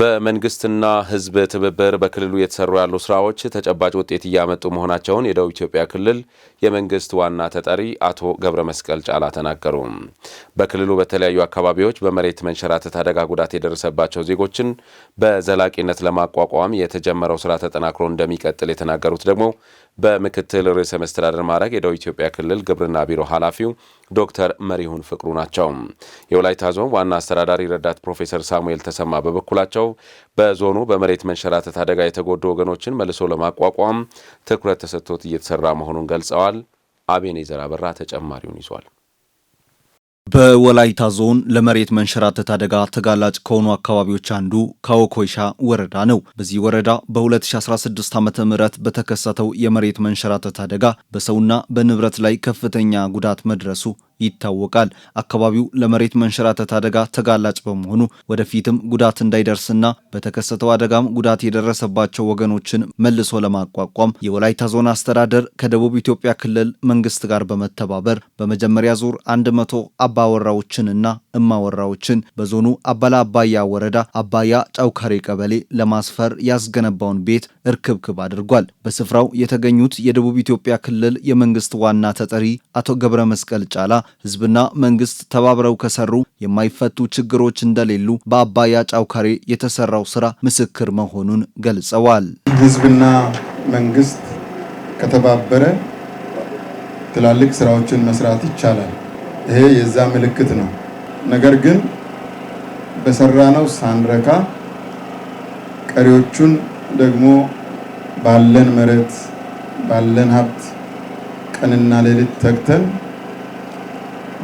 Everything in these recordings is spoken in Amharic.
በመንግስትና ህዝብ ትብብር በክልሉ የተሰሩ ያሉ ስራዎች ተጨባጭ ውጤት እያመጡ መሆናቸውን የደቡብ ኢትዮጵያ ክልል የመንግስት ዋና ተጠሪ አቶ ገብረ መስቀል ጫላ ተናገሩ። በክልሉ በተለያዩ አካባቢዎች በመሬት መንሸራተት አደጋ ጉዳት የደረሰባቸው ዜጎችን በዘላቂነት ለማቋቋም የተጀመረው ስራ ተጠናክሮ እንደሚቀጥል የተናገሩት ደግሞ በምክትል ርዕሰ መስተዳደር ማዕረግ የደቡብ ኢትዮጵያ ክልል ግብርና ቢሮ ኃላፊው ዶክተር መሪሁን ፍቅሩ ናቸው። የወላይታ ዞን ዋና አስተዳዳሪ ረዳት ፕሮፌሰር ሳሙኤል ተሰማ በበኩላቸው በዞኑ በመሬት መንሸራተት አደጋ የተጎዱ ወገኖችን መልሶ ለማቋቋም ትኩረት ተሰጥቶት እየተሰራ መሆኑን ገልጸዋል። አቤኔዘር አበራ ተጨማሪውን ይዟል። በወላይታ ዞን ለመሬት መንሸራተት አደጋ ተጋላጭ ከሆኑ አካባቢዎች አንዱ ካወኮይሻ ወረዳ ነው። በዚህ ወረዳ በ2016 ዓ ም በተከሰተው የመሬት መንሸራተት አደጋ በሰውና በንብረት ላይ ከፍተኛ ጉዳት መድረሱ ይታወቃል። አካባቢው ለመሬት መንሸራተት አደጋ ተጋላጭ በመሆኑ ወደፊትም ጉዳት እንዳይደርስና በተከሰተው አደጋም ጉዳት የደረሰባቸው ወገኖችን መልሶ ለማቋቋም የወላይታ ዞን አስተዳደር ከደቡብ ኢትዮጵያ ክልል መንግስት ጋር በመተባበር በመጀመሪያ ዙር 100 አባወራዎችንና እማወራዎችን በዞኑ አባላ አባያ ወረዳ አባያ ጫውካሬ ቀበሌ ለማስፈር ያስገነባውን ቤት እርክብክብ አድርጓል። በስፍራው የተገኙት የደቡብ ኢትዮጵያ ክልል የመንግስት ዋና ተጠሪ አቶ ገብረ መስቀል ጫላ ህዝብና መንግስት ተባብረው ከሰሩ የማይፈቱ ችግሮች እንደሌሉ በአባያ ጫውካሬ የተሰራው ስራ ምስክር መሆኑን ገልጸዋል። ህዝብና መንግስት ከተባበረ ትላልቅ ስራዎችን መስራት ይቻላል። ይሄ የዛ ምልክት ነው። ነገር ግን በሰራነው ሳንረካ ቀሪዎቹን ደግሞ ባለን መሬት ባለን ሀብት ቀንና ሌሊት ተግተን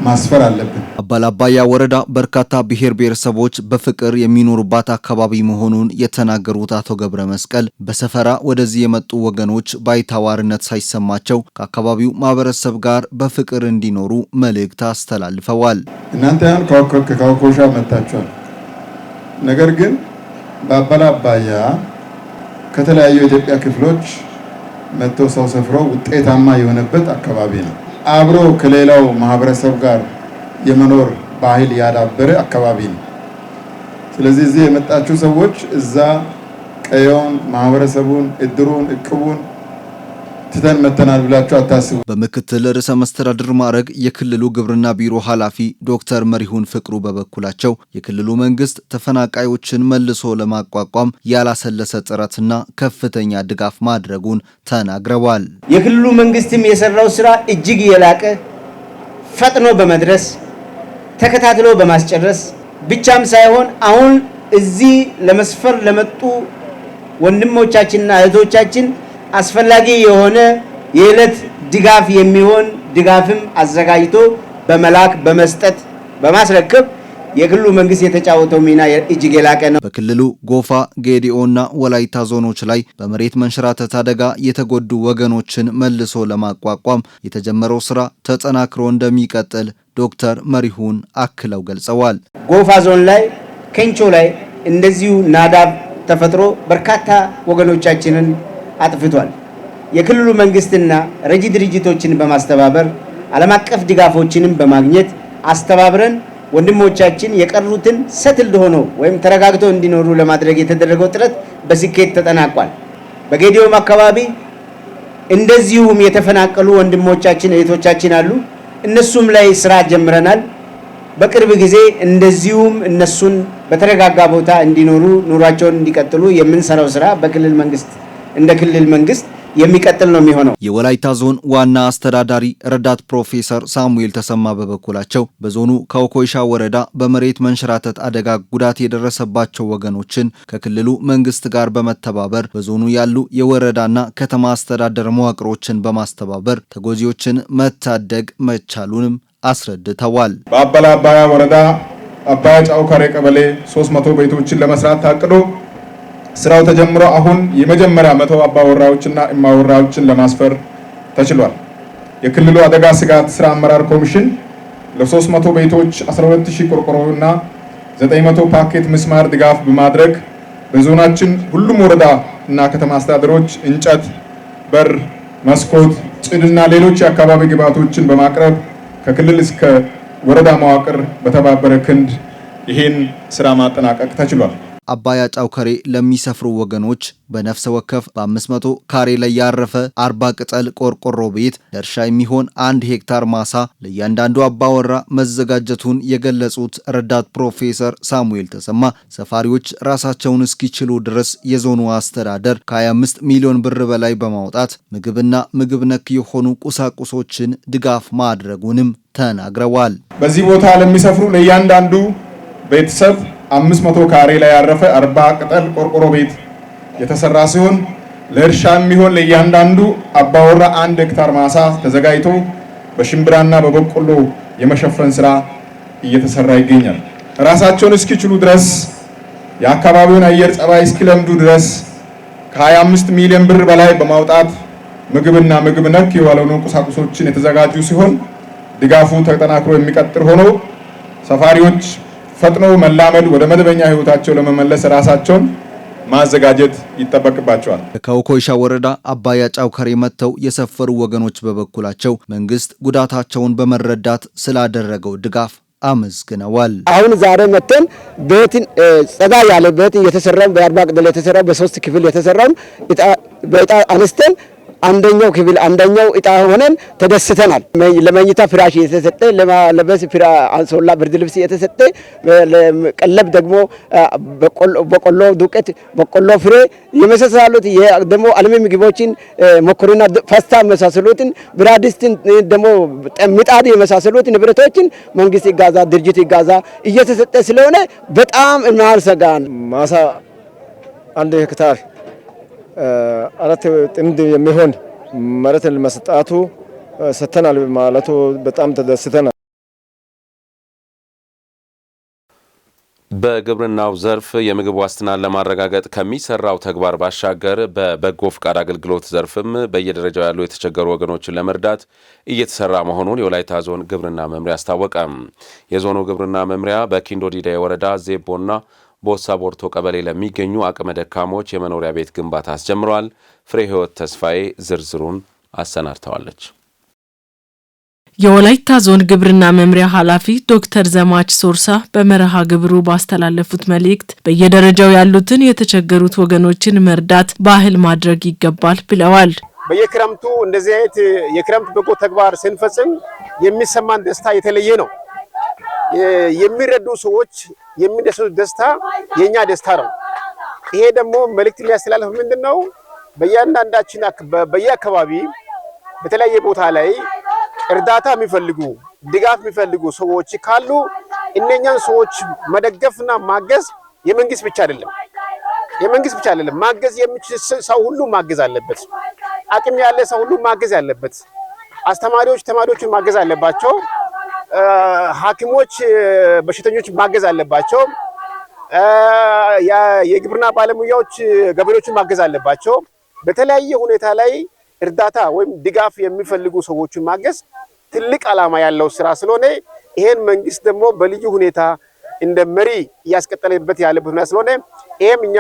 ማስፈር አለብን። አባላባያ ወረዳ በርካታ ብሔር ብሔረሰቦች በፍቅር የሚኖሩባት አካባቢ መሆኑን የተናገሩት አቶ ገብረ መስቀል በሰፈራ ወደዚህ የመጡ ወገኖች ባይታዋርነት ሳይሰማቸው ከአካባቢው ማህበረሰብ ጋር በፍቅር እንዲኖሩ መልእክት አስተላልፈዋል። እናንተ ያን ከካኮሻ መጥታችኋል። ነገር ግን በአባላባያ ከተለያዩ የኢትዮጵያ ክፍሎች መጥተው ሰው ሰፍረው ውጤታማ የሆነበት አካባቢ ነው። አብሮ ከሌላው ማህበረሰብ ጋር የመኖር ባህል ያዳበረ አካባቢ ነው። ስለዚህ እዚህ የመጣችሁ ሰዎች እዛ ቀየውን፣ ማህበረሰቡን፣ እድሩን፣ እቅቡን ትተን መተናል ብላችሁ አታስቡ። በምክትል ርዕሰ መስተዳድር ማዕረግ የክልሉ ግብርና ቢሮ ኃላፊ ዶክተር መሪሁን ፍቅሩ በበኩላቸው የክልሉ መንግስት ተፈናቃዮችን መልሶ ለማቋቋም ያላሰለሰ ጥረትና ከፍተኛ ድጋፍ ማድረጉን ተናግረዋል። የክልሉ መንግስትም የሰራው ስራ እጅግ የላቀ ፈጥኖ በመድረስ ተከታትሎ በማስጨረስ ብቻም ሳይሆን አሁን እዚህ ለመስፈር ለመጡ ወንድሞቻችንና እህቶቻችን አስፈላጊ የሆነ የዕለት ድጋፍ የሚሆን ድጋፍም አዘጋጅቶ በመላክ በመስጠት በማስረከብ የክልሉ መንግስት የተጫወተው ሚና እጅግ የላቀ ነው። በክልሉ ጎፋ፣ ጌዲኦና ወላይታ ዞኖች ላይ በመሬት መንሸራተት አደጋ የተጎዱ ወገኖችን መልሶ ለማቋቋም የተጀመረው ስራ ተጠናክሮ እንደሚቀጥል ዶክተር መሪሁን አክለው ገልጸዋል። ጎፋ ዞን ላይ ኬንቾ ላይ እንደዚሁ ናዳብ ተፈጥሮ በርካታ ወገኖቻችንን አጥፍቷል። የክልሉ መንግስትና ረጂ ድርጅቶችን በማስተባበር ዓለም አቀፍ ድጋፎችንም በማግኘት አስተባብረን ወንድሞቻችን የቀሩትን ሰትልድ ሆኖ ወይም ተረጋግቶ እንዲኖሩ ለማድረግ የተደረገው ጥረት በስኬት ተጠናቋል። በጌዲዮም አካባቢ እንደዚሁም የተፈናቀሉ ወንድሞቻችን እህቶቻችን አሉ። እነሱም ላይ ስራ ጀምረናል። በቅርብ ጊዜ እንደዚሁም እነሱን በተረጋጋ ቦታ እንዲኖሩ ኑሯቸውን እንዲቀጥሉ የምንሰራው ስራ በክልል መንግስት እንደ ክልል መንግስት የሚቀጥል ነው የሚሆነው። የወላይታ ዞን ዋና አስተዳዳሪ ረዳት ፕሮፌሰር ሳሙኤል ተሰማ በበኩላቸው በዞኑ ከኦኮይሻ ወረዳ በመሬት መንሸራተት አደጋ ጉዳት የደረሰባቸው ወገኖችን ከክልሉ መንግስት ጋር በመተባበር በዞኑ ያሉ የወረዳና ከተማ አስተዳደር መዋቅሮችን በማስተባበር ተጎጂዎችን መታደግ መቻሉንም አስረድተዋል። በአበላ አባያ ወረዳ አባያ ጫው ካሬ ቀበሌ 300 ቤቶችን ለመስራት ታቅዶ ስራው ተጀምሮ አሁን የመጀመሪያ መቶ አባወራዎችና እማወራዎችን ለማስፈር ተችሏል። የክልሉ አደጋ ስጋት ስራ አመራር ኮሚሽን ለ300 ቤቶች 12000 ቆርቆሮና 900 ፓኬት ምስማር ድጋፍ በማድረግ በዞናችን ሁሉም ወረዳ እና ከተማ አስተዳደሮች እንጨት፣ በር፣ መስኮት፣ ጭድና ሌሎች የአካባቢ ግብዓቶችን በማቅረብ ከክልል እስከ ወረዳ መዋቅር በተባበረ ክንድ ይህን ስራ ማጠናቀቅ ተችሏል። አባያ ጫውከሬ ለሚሰፍሩ ወገኖች በነፍሰ ወከፍ በ500 ካሬ ላይ ያረፈ 40 ቅጠል ቆርቆሮ ቤት ለእርሻ የሚሆን አንድ ሄክታር ማሳ ለእያንዳንዱ አባወራ መዘጋጀቱን የገለጹት ረዳት ፕሮፌሰር ሳሙኤል ተሰማ ሰፋሪዎች ራሳቸውን እስኪችሉ ድረስ የዞኑ አስተዳደር ከ25 ሚሊዮን ብር በላይ በማውጣት ምግብና ምግብ ነክ የሆኑ ቁሳቁሶችን ድጋፍ ማድረጉንም ተናግረዋል። በዚህ ቦታ ለሚሰፍሩ ለእያንዳንዱ ቤተሰብ 500 ካሬ ላይ ያረፈ 40 ቅጠል ቆርቆሮ ቤት የተሰራ ሲሆን ለእርሻ የሚሆን ለእያንዳንዱ አባወራ አንድ ሄክታር ማሳ ተዘጋጅቶ በሽምብራና በበቆሎ የመሸፈን ስራ እየተሰራ ይገኛል። ራሳቸውን እስኪችሉ ድረስ የአካባቢውን አየር ጸባይ እስኪለምዱ ድረስ ከ25 ሚሊዮን ብር በላይ በማውጣት ምግብና ምግብ ነክ የዋለኑ ቁሳቁሶችን የተዘጋጁ ሲሆን ድጋፉ ተጠናክሮ የሚቀጥል ሆኖ ሰፋሪዎች ፈጥኖ መላመድ ወደ መደበኛ ህይወታቸው ለመመለስ ራሳቸውን ማዘጋጀት ይጠበቅባቸዋል። ከኮይሻ ወረዳ አባያ ጫውከሬ መጥተው የሰፈሩ ወገኖች በበኩላቸው መንግስት ጉዳታቸውን በመረዳት ስላደረገው ድጋፍ አመስግነዋል። አሁን ዛሬ መጥተን ቤትን ጸጋ ያለ ቤት የተሰራው በአርባ ቅጠል የተሰራው በሶስት ክፍል የተሰራውን በእጣ አነስተን አንደኛው ክፍል አንደኛው እጣ ሆነን ተደስተናል። ለመኝታ ፍራሽ የተሰጠ፣ ፍራ አንሶላ፣ ብርድ ልብስ የተሰጠ፣ ቀለብ ደግሞ በቆሎ ዱቄት፣ በቆሎ ፍሬ የመሳሰሉት ደግሞ አልሚ ምግቦችን መኮሮኒና ፓስታ የመሳሰሉትን ብራድስትን ደግሞ ምጣድ የመሳሰሉት ንብረቶችን መንግስት ይጋዛ፣ ድርጅት ይጋዛ እየተሰጠ ስለሆነ በጣም እናርሰጋን ማሳ አንድ ሄክታር አራት ጥንድ የሚሆን መሬት መስጣቱ ሰተናል ማለቱ በጣም ተደስተናል። በግብርናው ዘርፍ የምግብ ዋስትናን ለማረጋገጥ ከሚሰራው ተግባር ባሻገር በበጎ ፍቃድ አገልግሎት ዘርፍም በየደረጃው ያሉ የተቸገሩ ወገኖችን ለመርዳት እየተሰራ መሆኑን የወላይታ ዞን ግብርና መምሪያ አስታወቀ። የዞኑ ግብርና መምሪያ በኪንዶ ዲዳይ ወረዳ ዜቦና ቦሳ ቦርቶ ቀበሌ ለሚገኙ አቅመ ደካሞች የመኖሪያ ቤት ግንባታ አስጀምረዋል። ፍሬ ህይወት ተስፋዬ ዝርዝሩን አሰናድተዋለች። የወላይታ ዞን ግብርና መምሪያ ኃላፊ ዶክተር ዘማች ሶርሳ በመርሃ ግብሩ ባስተላለፉት መልእክት በየደረጃው ያሉትን የተቸገሩት ወገኖችን መርዳት ባህል ማድረግ ይገባል ብለዋል። በየክረምቱ እንደዚህ አይነት የክረምት በጎ ተግባር ስንፈጽም የሚሰማን ደስታ የተለየ ነው። የሚረዱ ሰዎች የሚደሰቱ ደስታ የኛ ደስታ ነው። ይሄ ደግሞ መልእክት የሚያስተላልፍ ምንድን ነው? በእያንዳንዳችን በየአካባቢ በተለያየ ቦታ ላይ እርዳታ የሚፈልጉ ድጋፍ የሚፈልጉ ሰዎች ካሉ እነኛን ሰዎች መደገፍና ማገዝ የመንግስት ብቻ አይደለም፣ የመንግስት ብቻ አይደለም። ማገዝ የሚችል ሰው ሁሉ ማገዝ አለበት። አቅም ያለ ሰው ሁሉ ማገዝ አለበት። አስተማሪዎች ተማሪዎችን ማገዝ አለባቸው። ሐኪሞች በሽተኞች ማገዝ አለባቸው። የግብርና ባለሙያዎች ገበሬዎችን ማገዝ አለባቸው። በተለያየ ሁኔታ ላይ እርዳታ ወይም ድጋፍ የሚፈልጉ ሰዎችን ማገዝ ትልቅ ዓላማ ያለው ስራ ስለሆነ ይሄን መንግስት ደግሞ በልዩ ሁኔታ እንደ መሪ እያስቀጠለበት ያለበት ስለሆነ ይሄም እኛ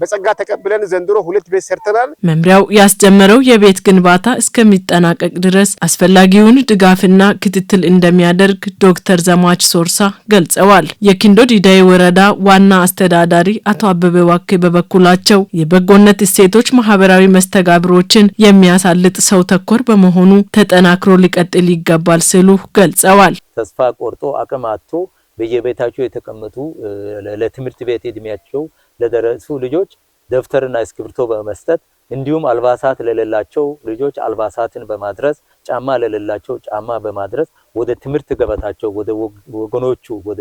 በጸጋ ተቀብለን ዘንድሮ ሁለት ቤት ሰርተናል። መምሪያው ያስጀመረው የቤት ግንባታ እስከሚጠናቀቅ ድረስ አስፈላጊውን ድጋፍና ክትትል እንደሚያደርግ ዶክተር ዘማች ሶርሳ ገልጸዋል። የኪንዶ ዲዳይ ወረዳ ዋና አስተዳዳሪ አቶ አበበ ዋኬ በበኩላቸው የበጎነት እሴቶች ማህበራዊ መስተጋብሮችን የሚያሳልጥ ሰው ተኮር በመሆኑ ተጠናክሮ ሊቀጥል ይገባል ሲሉ ገልጸዋል። ተስፋ ቆርጦ አቅም አጥቶ በየቤታቸው የተቀመጡ ለትምህርት ቤት እድሜያቸው ለደረሱ ልጆች ደብተርና እስክሪብቶ በመስጠት እንዲሁም አልባሳት ለሌላቸው ልጆች አልባሳትን በማድረስ ጫማ ለሌላቸው ጫማ በማድረስ ወደ ትምህርት ገበታቸው ወደ ወገኖቹ ወደ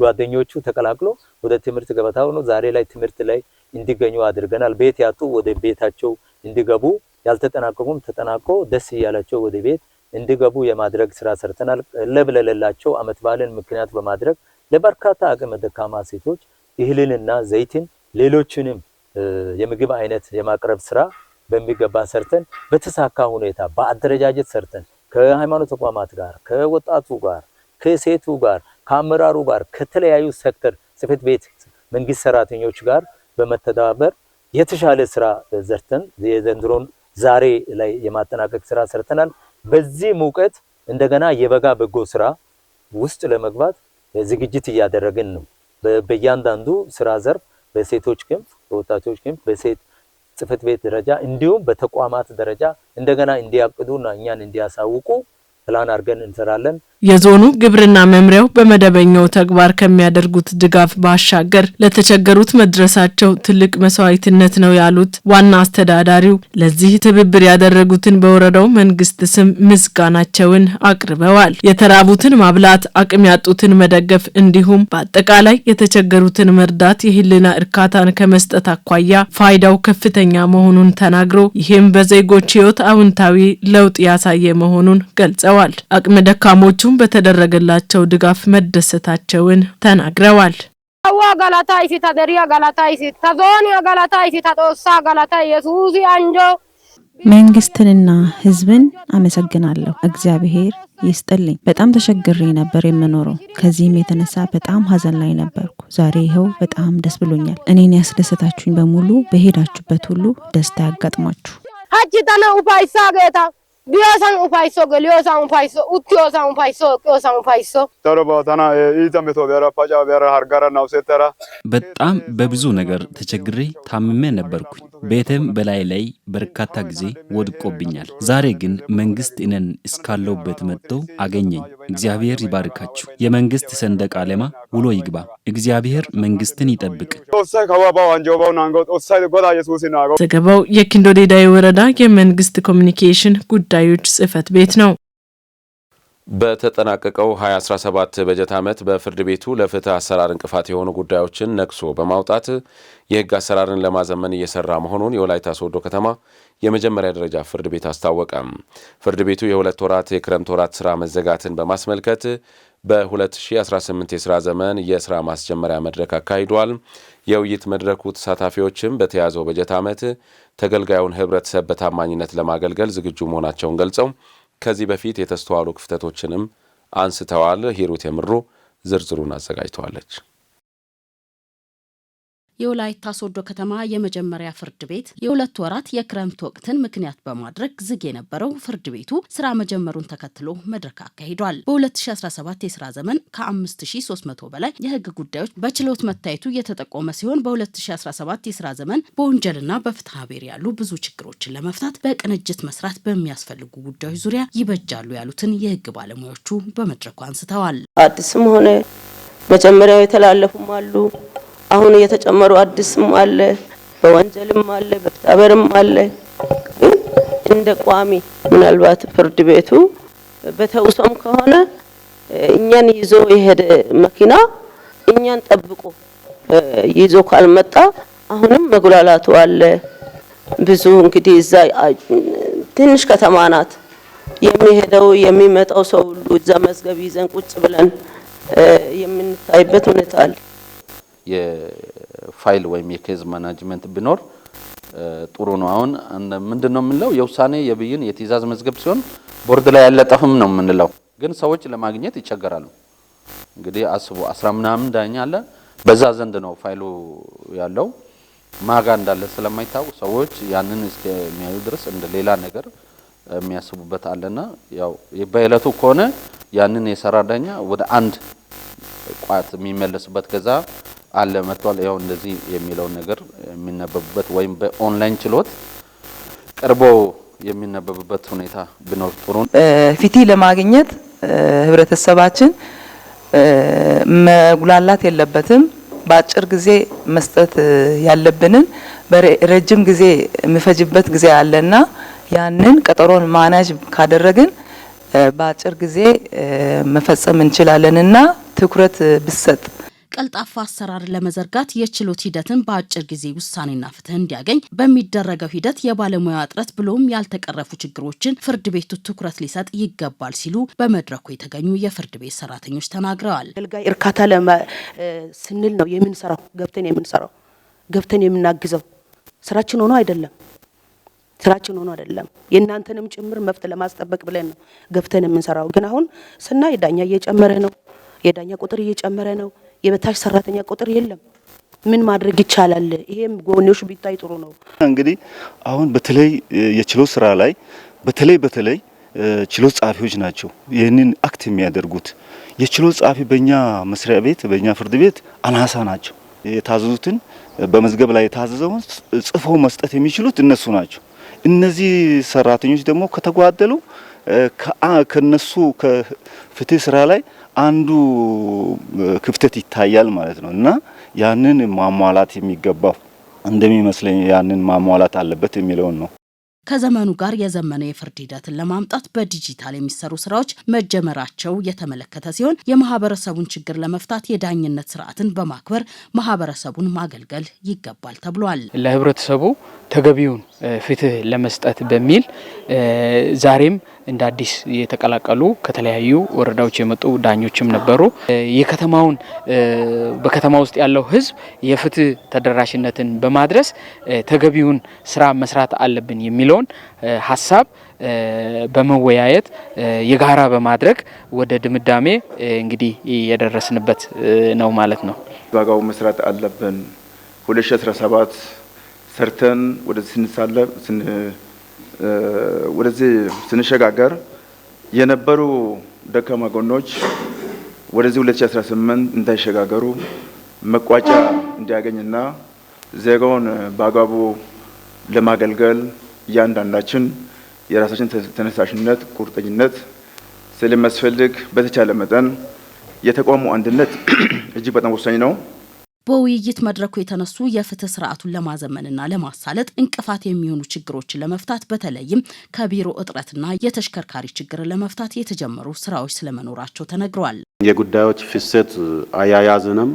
ጓደኞቹ ተቀላቅሎ ወደ ትምህርት ገበታ ሆኖ ዛሬ ላይ ትምህርት ላይ እንዲገኙ አድርገናል። ቤት ያጡ ወደ ቤታቸው እንዲገቡ ያልተጠናቀቁም ተጠናቆ ደስ እያላቸው ወደ ቤት እንዲገቡ የማድረግ ስራ ሰርተናል። ለብ ለሌላቸው አመት በዓልን ምክንያት በማድረግ ለበርካታ አቅመ ደካማ ሴቶች እህልንና ዘይትን ሌሎችንም የምግብ አይነት የማቅረብ ስራ በሚገባ ሰርተን በተሳካ ሁኔታ በአደረጃጀት ሰርተን ከሃይማኖት ተቋማት ጋር ከወጣቱ ጋር ከሴቱ ጋር ከአመራሩ ጋር ከተለያዩ ሴክተር ጽሕፈት ቤት መንግስት ሰራተኞች ጋር በመተባበር የተሻለ ስራ ዘርተን የዘንድሮን ዛሬ ላይ የማጠናቀቅ ስራ ሰርተናል። በዚህ ሙቀት እንደገና የበጋ በጎ ስራ ውስጥ ለመግባት ዝግጅት እያደረግን ነው። በእያንዳንዱ ስራ ዘርፍ በሴቶች ክንፍ፣ በወጣቶች ክንፍ፣ በሴት ጽህፈት ቤት ደረጃ እንዲሁም በተቋማት ደረጃ እንደገና እንዲያቅዱና እኛን እንዲያሳውቁ ፕላን አድርገን እንሰራለን። የዞኑ ግብርና መምሪያው በመደበኛው ተግባር ከሚያደርጉት ድጋፍ ባሻገር ለተቸገሩት መድረሳቸው ትልቅ መስዋዕትነት ነው ያሉት ዋና አስተዳዳሪው ለዚህ ትብብር ያደረጉትን በወረዳው መንግስት ስም ምስጋናቸውን አቅርበዋል። የተራቡትን ማብላት፣ አቅም ያጡትን መደገፍ እንዲሁም በአጠቃላይ የተቸገሩትን መርዳት የህልና እርካታን ከመስጠት አኳያ ፋይዳው ከፍተኛ መሆኑን ተናግሮ ይህም በዜጎች ህይወት አውንታዊ ለውጥ ያሳየ መሆኑን ገልጸዋል። አቅመ ደካሞቹ ሴቶቹም በተደረገላቸው ድጋፍ መደሰታቸውን ተናግረዋል። አዋ ገላታ ይሲታ ደሪያ ገላታ ይሲታ ዞኒያ ገላታ ጦሳ ኢየሱስ አንጆ መንግስትንና ህዝብን አመሰግናለሁ። እግዚአብሔር ይስጥልኝ። በጣም ተሸግሬ ነበር የምኖረው። ከዚህም የተነሳ በጣም ሀዘን ላይ ነበርኩ። ዛሬ ይኸው በጣም ደስ ብሎኛል። እኔን ያስደሰታችሁኝ በሙሉ በሄዳችሁበት ሁሉ ደስታ ያጋጥማችሁ። ሀጅ ጠነ ውፋይሳ ጌታ Diyorsan በጣም በብዙ ነገር ተቸግሬ ታምሜ ነበርኩኝ። ቤትም በላይ ላይ በርካታ ጊዜ ወድቆብኛል። ዛሬ ግን መንግስት እነን እስካለውበት መጥቶ አገኘኝ። እግዚአብሔር ይባርካችሁ። የመንግስት ሰንደቅ ዓላማ ውሎ ይግባ። እግዚአብሔር መንግስትን ይጠብቅ። ዘገባው የኪንዶሌዳይ ወረዳ የመንግስት ኮሚኒኬሽን ጉዳይ ጉዳዮች ጽህፈት ቤት ነው። በተጠናቀቀው 2017 በጀት ዓመት በፍርድ ቤቱ ለፍትህ አሰራር እንቅፋት የሆኑ ጉዳዮችን ነቅሶ በማውጣት የህግ አሰራርን ለማዘመን እየሰራ መሆኑን የወላይታ ሶዶ ከተማ የመጀመሪያ ደረጃ ፍርድ ቤት አስታወቀ። ፍርድ ቤቱ የሁለት ወራት የክረምት ወራት ስራ መዘጋትን በማስመልከት በ2018 የሥራ ዘመን የሥራ ማስጀመሪያ መድረክ አካሂዷል። የውይይት መድረኩ ተሳታፊዎችም በተያዘው በጀት ዓመት ተገልጋዩን ህብረተሰብ በታማኝነት ለማገልገል ዝግጁ መሆናቸውን ገልጸው ከዚህ በፊት የተስተዋሉ ክፍተቶችንም አንስተዋል። ሂሩት የምሩ ዝርዝሩን አዘጋጅተዋለች። የወላይታ ሶዶ ከተማ የመጀመሪያ ፍርድ ቤት የሁለት ወራት የክረምት ወቅትን ምክንያት በማድረግ ዝግ የነበረው ፍርድ ቤቱ ስራ መጀመሩን ተከትሎ መድረክ አካሂዷል። በ2017 የስራ ዘመን ከ5300 በላይ የህግ ጉዳዮች በችሎት መታየቱ የተጠቆመ ሲሆን በ2017 የስራ ዘመን በወንጀልና በፍትሐ ብሔር ያሉ ብዙ ችግሮችን ለመፍታት በቅንጅት መስራት በሚያስፈልጉ ጉዳዮች ዙሪያ ይበጃሉ ያሉትን የህግ ባለሙያዎቹ በመድረኩ አንስተዋል። አዲስም ሆነ መጀመሪያው የተላለፉም አሉ አሁን እየተጨመሩ አዲስም አለ፣ በወንጀልም አለ፣ በፍትሐብሔርም አለ። ግን እንደ ቋሚ ምናልባት ፍርድ ቤቱ በተውሶም ከሆነ እኛን ይዞ የሄደ መኪና እኛን ጠብቆ ይዞ ካልመጣ አሁንም መጉላላቱ አለ። ብዙ እንግዲህ እዛ ትንሽ ከተማ ናት። የሚሄደው የሚመጣው ሰው ሁሉ እዛ መዝገብ ይዘን ቁጭ ብለን የምንታይበት ሁኔታ አለ። የፋይል ወይም የኬዝ ማናጅመንት ቢኖር ጥሩ ነው። አሁን ምንድን ነው የምንለው? የውሳኔ የብይን የትእዛዝ መዝገብ ሲሆን ቦርድ ላይ ያለጠፍም ነው የምንለው፣ ግን ሰዎች ለማግኘት ይቸገራሉ። እንግዲህ አስቡ አስራ ምናምን ዳኛ አለ። በዛ ዘንድ ነው ፋይሉ ያለው ማጋ እንዳለ ስለማይታወቅ ሰዎች ያንን እስከሚያዩ ድረስ እንደ ሌላ ነገር የሚያስቡበት አለና ያው በዕለቱ ከሆነ ያንን የሰራ ዳኛ ወደ አንድ ቋት የሚመለስበት ከዛ አለ መጥቷል። ያው እንደዚህ የሚለውን ነገር የሚነበብበት ወይም በኦንላይን ችሎት ቀርቦ የሚነበብበት ሁኔታ ቢኖር ጥሩ። ፍትህ ለማግኘት ህብረተሰባችን መጉላላት የለበትም። በአጭር ጊዜ መስጠት ያለብንን በረጅም ጊዜ የሚፈጅበት ጊዜ አለና ያንን ቀጠሮን ማናጅ ካደረግን በአጭር ጊዜ መፈጸም እንችላለንና ትኩረት ብሰጥ ቀልጣፋ አሰራር ለመዘርጋት የችሎት ሂደትን በአጭር ጊዜ ውሳኔና ፍትህ እንዲያገኝ በሚደረገው ሂደት የባለሙያ እጥረት ብሎም ያልተቀረፉ ችግሮችን ፍርድ ቤቱ ትኩረት ሊሰጥ ይገባል ሲሉ በመድረኩ የተገኙ የፍርድ ቤት ሰራተኞች ተናግረዋል። አገልጋይ እርካታ ስንል ነው የምንሰራው፣ ገብተን የምንሰራው ገብተን የምናግዘው ስራችን ሆኖ አይደለም ስራችን ሆኖ አይደለም። የእናንተንም ጭምር መብት ለማስጠበቅ ብለን ነው ገብተን የምንሰራው። ግን አሁን ስናይ ዳኛ እየጨመረ ነው፣ የዳኛ ቁጥር እየጨመረ ነው። የበታች ሰራተኛ ቁጥር የለም። ምን ማድረግ ይቻላል? ይሄም ጎብኚዎች ቢታይ ጥሩ ነው። እንግዲህ አሁን በተለይ የችሎት ስራ ላይ በተለይ በተለይ ችሎት ጸሐፊዎች ናቸው ይህንን አክት የሚያደርጉት። የችሎት ጸሐፊ በእኛ መስሪያ ቤት በእኛ ፍርድ ቤት አናሳ ናቸው። የታዘዙትን በመዝገብ ላይ የታዘዘውን ጽፎ መስጠት የሚችሉት እነሱ ናቸው። እነዚህ ሰራተኞች ደግሞ ከተጓደሉ ከነሱ ከፍትህ ስራ ላይ አንዱ ክፍተት ይታያል ማለት ነው እና ያንን ማሟላት የሚገባው እንደሚመስለኝ ያንን ማሟላት አለበት የሚለውን ነው። ከዘመኑ ጋር የዘመነ የፍርድ ሂደትን ለማምጣት በዲጂታል የሚሰሩ ስራዎች መጀመራቸው የተመለከተ ሲሆን የማህበረሰቡን ችግር ለመፍታት የዳኝነት ስርዓትን በማክበር ማህበረሰቡን ማገልገል ይገባል ተብሏል። ለህብረተሰቡ ተገቢውን ፍትህ ለመስጠት በሚል ዛሬም እንደ አዲስ የተቀላቀሉ ከተለያዩ ወረዳዎች የመጡ ዳኞችም ነበሩ። የከተማውን በከተማ ውስጥ ያለው ህዝብ የፍትህ ተደራሽነትን በማድረስ ተገቢውን ስራ መስራት አለብን የሚለውን የሚለውን ሀሳብ በመወያየት የጋራ በማድረግ ወደ ድምዳሜ እንግዲህ የደረስንበት ነው ማለት ነው። ዋጋው መስራት አለብን። 2017 ሰርተን ወደዚህ ስንሸጋገር የነበሩ ደካማ ጎኖች ወደዚህ 2018 እንዳይሸጋገሩ መቋጫ እንዲያገኝና ዜጋውን በአግባቡ ለማገልገል እያንዳንዳችን የራሳችን ተነሳሽነት፣ ቁርጠኝነት ስለሚያስፈልግ በተቻለ መጠን የተቋሙ አንድነት እጅግ በጣም ወሳኝ ነው። በውይይት መድረኩ የተነሱ የፍትህ ስርዓቱን ለማዘመንና ለማሳለጥ እንቅፋት የሚሆኑ ችግሮችን ለመፍታት በተለይም ከቢሮ እጥረትና የተሽከርካሪ ችግር ለመፍታት የተጀመሩ ስራዎች ስለመኖራቸው ተነግረዋል። የጉዳዮች ፍሰት አያያዝንም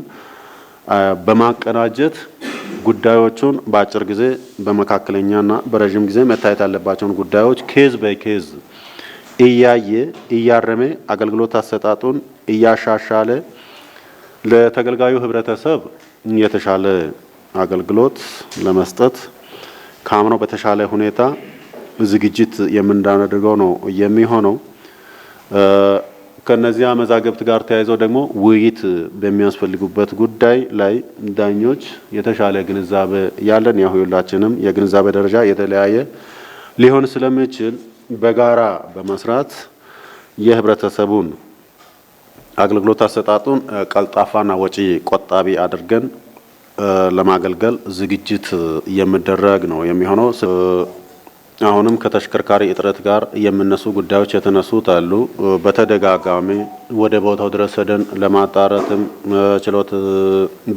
በማቀናጀት ጉዳዮቹን በአጭር ጊዜ በመካከለኛና በረዥም ጊዜ መታየት ያለባቸውን ጉዳዮች ኬዝ በኬዝ እያየ እያረመ አገልግሎት አሰጣጡን እያሻሻለ ለተገልጋዩ ህብረተሰብ የተሻለ አገልግሎት ለመስጠት ከአምኖ በተሻለ ሁኔታ ዝግጅት የምናደርገው ነው የሚሆነው። ከነዚያ መዛግብት ጋር ተያይዘው ደግሞ ውይይት በሚያስፈልጉበት ጉዳይ ላይ ዳኞች የተሻለ ግንዛቤ ያለን ያው ሁላችንም የግንዛቤ ደረጃ የተለያየ ሊሆን ስለሚችል በጋራ በመስራት የህብረተሰቡን አገልግሎት አሰጣጡን ቀልጣፋና ወጪ ቆጣቢ አድርገን ለማገልገል ዝግጅት የሚደረግ ነው የሚሆነው። አሁንም ከተሽከርካሪ እጥረት ጋር የሚነሱ ጉዳዮች የተነሱት አሉ። በተደጋጋሚ ወደ ቦታው ድረስ ሄደን ለማጣረትም ችሎት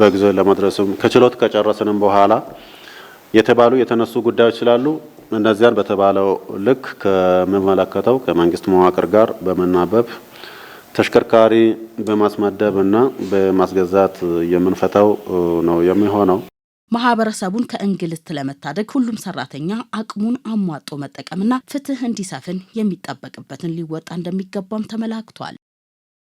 በጊዜ ለመድረስም ከችሎት ከጨረስንም በኋላ የተባሉ የተነሱ ጉዳዮች ስላሉ እነዚያን በተባለው ልክ ከምመለከተው ከመንግስት መዋቅር ጋር በመናበብ ተሽከርካሪ በማስመደብ እና በማስገዛት የምንፈታው ነው የሚሆነው። ማህበረሰቡን ከእንግልት ለመታደግ ሁሉም ሰራተኛ አቅሙን አሟጦ መጠቀምና ፍትህ እንዲሰፍን የሚጠበቅበትን ሊወጣ እንደሚገባም ተመላክቷል።